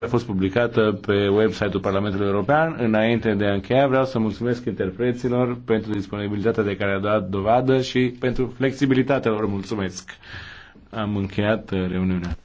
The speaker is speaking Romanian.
a fost publicată pe website-ul Parlamentului European. Înainte de a încheia, vreau să mulțumesc interpreților pentru disponibilitatea de care a dat dovadă și pentru flexibilitatea lor. Mulțumesc! Am încheiat uh, reuniunea.